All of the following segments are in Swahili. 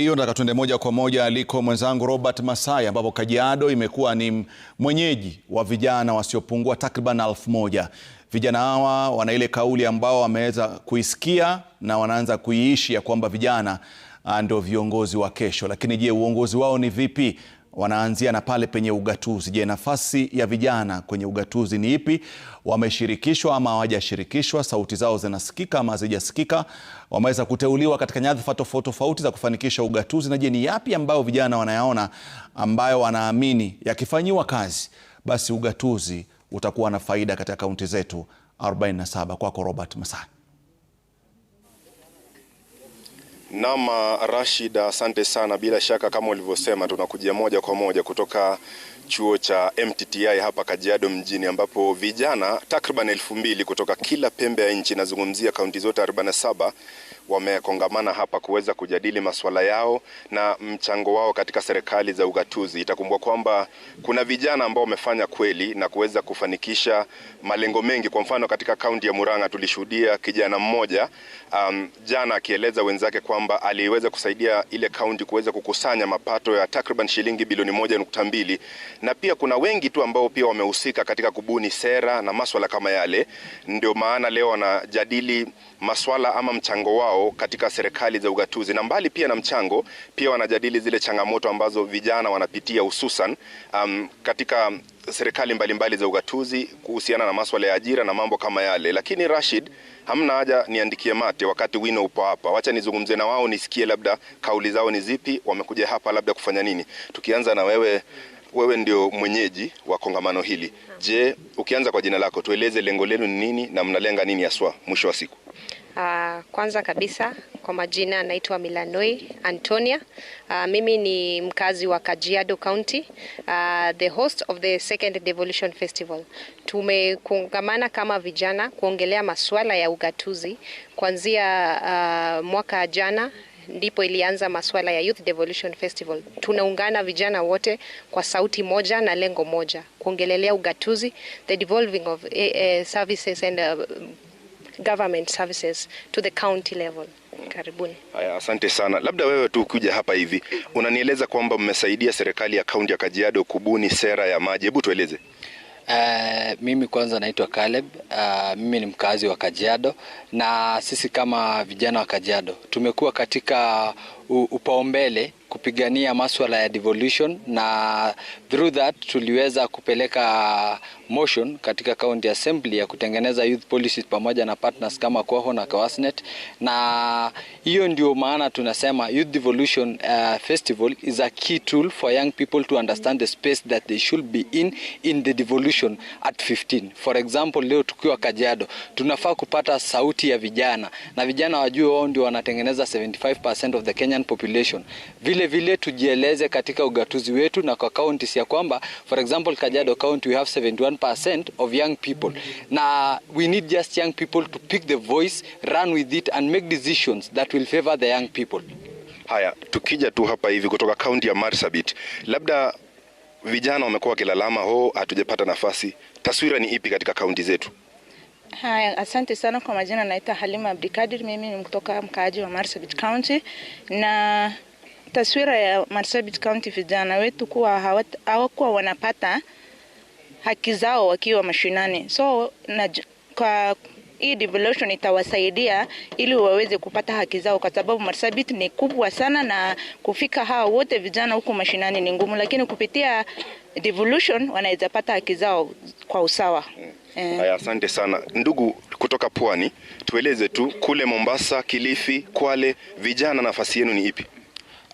Hiyo nataka tuende moja kwa moja aliko mwenzangu Robert Masai, ambapo Kajiado imekuwa ni mwenyeji wa vijana wasiopungua takriban elfu moja. Vijana hawa wana ile kauli ambao wameweza kuisikia na wanaanza kuiishi ya kwamba vijana ah, ndio viongozi wa kesho. Lakini je, uongozi wao ni vipi? wanaanzia na pale penye ugatuzi. Je, nafasi ya vijana kwenye ugatuzi ni ipi? Wameshirikishwa ama hawajashirikishwa? Sauti zao zinasikika ama hazijasikika? Wameweza kuteuliwa katika nyadhifa tofauti tofauti za kufanikisha ugatuzi, na je ni yapi ambayo vijana wanayaona ambayo wanaamini yakifanyiwa kazi basi ugatuzi utakuwa na faida katika kaunti zetu 47? Kwako Robert Masai. Nama Rashid, asante sana. Bila shaka kama ulivyosema, tunakujia moja kwa moja kutoka chuo cha MTTI hapa Kajiado mjini, ambapo vijana takriban elfu mbili kutoka kila pembe ya nchi, nazungumzia kaunti zote 47 wamekongamana hapa kuweza kujadili masuala yao na mchango wao katika serikali za ugatuzi. itakumbua kwamba kuna vijana ambao wamefanya kweli na kuweza kufanikisha malengo mengi. Kwa mfano, katika kaunti ya Murang'a tulishuhudia kijana mmoja um, jana akieleza wenzake kwamba aliweza kusaidia ile kaunti kuweza kukusanya mapato ya takriban shilingi bilioni moja nukta mbili na pia kuna wengi tu ambao pia wamehusika katika kubuni sera na maswala kama yale, ndio maana leo wanajadili maswala ama mchango wao wao katika serikali za ugatuzi, na mbali pia na mchango, pia wanajadili zile changamoto ambazo vijana wanapitia hususan um, katika serikali mbalimbali za ugatuzi kuhusiana na maswala ya ajira na mambo kama yale. Lakini Rashid, hamna haja niandikie mate wakati wino upo hapa. Wacha nizungumze na wao, nisikie labda kauli zao ni zipi, wamekuja hapa labda kufanya nini. Tukianza na wewe, wewe ndio mwenyeji wa kongamano hili. Je, ukianza kwa jina lako, tueleze lengo lenu ni nini na mnalenga nini haswa mwisho wa siku? Uh, kwanza kabisa kwa majina naitwa Milanoi Antonia. Uh, mimi ni mkazi wa Kajiado County, uh, the host of the second Devolution Festival. Tumekungamana kama vijana kuongelea masuala ya ugatuzi kuanzia uh, mwaka jana ndipo ilianza masuala ya Youth Devolution Festival. Tunaungana vijana wote kwa sauti moja na lengo moja kuongelelea ugatuzi, the devolving of uh, services and uh, government services to the county level. Karibuni. Haya, asante sana. Labda wewe tu ukuja hapa hivi, unanieleza kwamba mmesaidia serikali ya kaunti ya Kajiado kubuni sera ya maji. Hebu tueleze. Uh, mimi kwanza naitwa Caleb. Uh, mimi ni mkazi wa Kajiado na sisi kama vijana wa Kajiado tumekuwa katika upaumbele kupigania masuala ya devolution na through that tuliweza kupeleka motion katika county assembly ya kutengeneza youth policies pamoja na partners kama Coho na Kawasnet, na hiyo ndio maana tunasema Youth Devolution uh, Festival is a key tool for young people to understand the space that they should be in in the devolution at 15. For example, leo tukiwa Kajiado tunafaa kupata sauti ya vijana na vijana wajue wao ndio wanatengeneza 75% of the Kenyan population. Vile vile tujieleze katika ugatuzi wetu na kwa counties ya kwamba for example Kajiado county we have 71 10% of young people. Now we need just young people to pick the voice, run with it and make decisions that will favor the young people. Haya, tukija tu hapa hivi kutoka kaunti ya Marsabit, labda vijana wamekuwa wakilalama, ho, oh, hatujapata nafasi. Taswira ni ipi katika kaunti zetu? Haya, asante sana kwa majina, naita Halima Abdikadir, mimi ni kutoka mkaaji wa Marsabit County, na taswira ya Marsabit County vijana wetu kuwa hawakuwa wanapata haki zao wakiwa mashinani. So na, kwa hii devolution itawasaidia ili waweze kupata haki zao, kwa sababu Marsabit ni kubwa sana na kufika hao wote vijana huko mashinani ni ngumu, lakini kupitia devolution wanaweza pata haki zao kwa usawa. Eh. Haya, asante sana ndugu kutoka Pwani. Tueleze tu kule Mombasa, Kilifi, Kwale, vijana nafasi yenu ni ipi?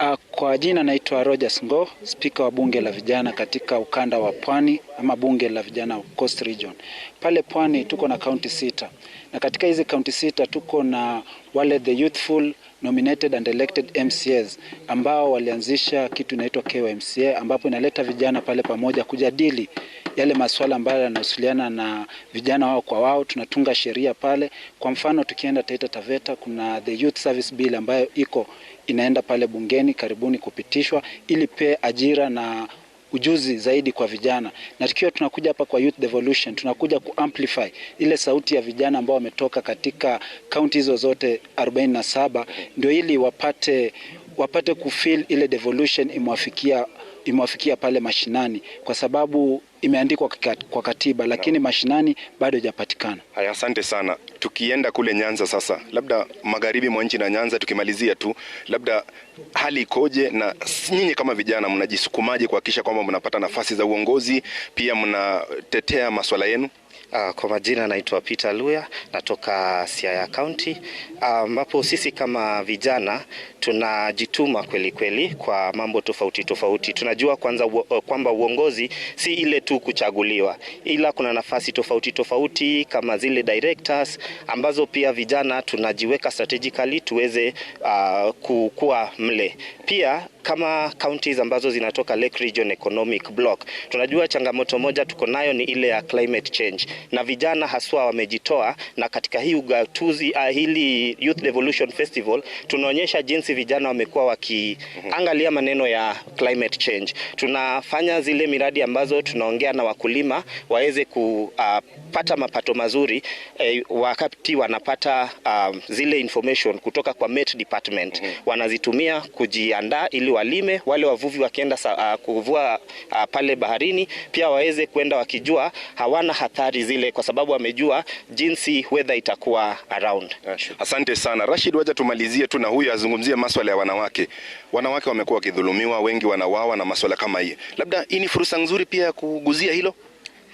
Ah, kwa jina naitwa Rogers Ngo, spika wa bunge la vijana katika ukanda wa pwani ama bunge la vijana Coast Region. Pale pwani tuko na kaunti sita, na katika hizi kaunti sita tuko na wale the youthful nominated and elected MCAs ambao walianzisha kitu inaitwa KMCA ambapo inaleta vijana pale pamoja kujadili yale masuala ambayo yanahusiana na vijana wao kwa wao, tunatunga sheria pale. Kwa mfano tukienda Taita Taveta, kuna the youth service bill ambayo iko inaenda pale bungeni karibuni kupitishwa, ili pe ajira na ujuzi zaidi kwa vijana. Na tukiwa tunakuja hapa kwa Youth Devolution, tunakuja amplify ile sauti ya vijana ambao wametoka katika kaunti hizo zote 47 ndio ili wapate wapate kufeel ile devolution imwafikia imewafikia pale mashinani, kwa sababu imeandikwa kwa katiba, lakini mashinani bado hajapatikana. Haya, asante sana. Tukienda kule Nyanza sasa, labda magharibi mwa nchi na Nyanza, tukimalizia tu, labda hali ikoje na nyinyi kama vijana mnajisukumaje kuhakikisha kwamba mnapata nafasi za uongozi, pia mnatetea masuala yenu? Uh, kwa majina naitwa Peter Luya natoka Siaya County ambapo uh, sisi kama vijana tunajituma kweli kweli kwa mambo tofauti tofauti. Tunajua kwanza uh, kwamba uongozi si ile tu kuchaguliwa, ila kuna nafasi tofauti tofauti kama zile directors ambazo pia vijana tunajiweka strategically tuweze uh, kukua mle pia kama counties ambazo zinatoka Lake Region Economic Block, tunajua changamoto moja tuko nayo ni ile ya climate change, na vijana haswa wamejitoa, na katika hii ugatuzi uh, hili Youth Revolution Festival tunaonyesha jinsi vijana wamekuwa wakiangalia maneno ya climate change. Tunafanya zile miradi ambazo tunaongea na wakulima waweze kupata ah, uh, mapato mazuri eh, wakati wanapata uh, zile information kutoka kwa Met Department, mhm. wanazitumia kujiandaa ili walime, wale wavuvi wakienda uh, kuvua uh, pale baharini pia waweze kwenda wakijua hawana hatari zile, kwa sababu wamejua jinsi weather itakuwa around. Asante sana Rashid, waja tumalizie tu na huyu azungumzie masuala ya wanawake. Wanawake wamekuwa wakidhulumiwa, wengi wanawawa na masuala kama hii, labda hii ni fursa nzuri pia ya kuguzia hilo.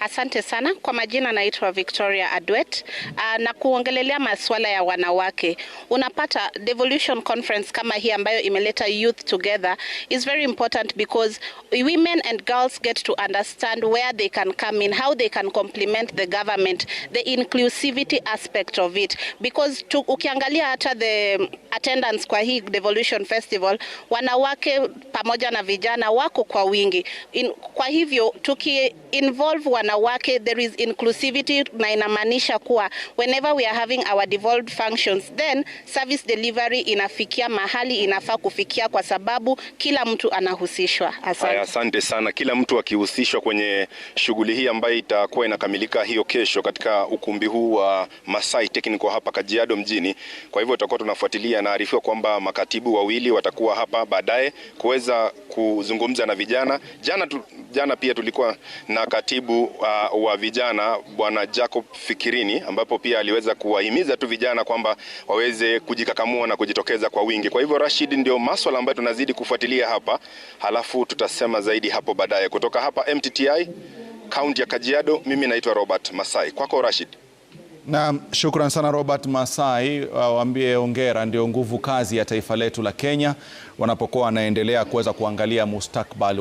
Asante sana kwa majina, naitwa Victoria Adwet ah, na kuongelelea masuala ya wanawake. Unapata Devolution Conference kama hii ambayo imeleta youth together is very important because women and girls get to understand where they can come in, how they can complement the government, the inclusivity aspect of it because to, ukiangalia hata the attendance kwa hii Devolution Festival wanawake pamoja na vijana wako kwa wingi in, kwa hivyo tuki involve wana wanawake, there is inclusivity na inamaanisha kuwa whenever we are having our devolved functions then service delivery inafikia mahali inafaa kufikia, kwa sababu kila mtu anahusishwa. Asante. Asante sana. Kila mtu akihusishwa kwenye shughuli hii ambayo itakuwa inakamilika hiyo kesho katika ukumbi huu wa Masai Technical hapa Kajiado mjini. Kwa hivyo tutakuwa tunafuatilia, naarifiwa kwamba makatibu wawili watakuwa hapa baadaye kuweza kuzungumza na vijana. Jana tu, jana pia tulikuwa na katibu uh, wa vijana Bwana Jacob Fikirini, ambapo pia aliweza kuwahimiza tu vijana kwamba waweze kujikakamua na kujitokeza kwa wingi. Kwa hivyo Rashid, ndio maswala ambayo tunazidi kufuatilia hapa, halafu tutasema zaidi hapo baadaye. Kutoka hapa MTTI kaunti ya Kajiado, mimi naitwa Robert Masai. Kwako Rashid. na shukran sana Robert Masai, waambie ongera ndio nguvu kazi ya taifa letu la Kenya wanapokuwa wanaendelea kuweza kuangalia mustakbali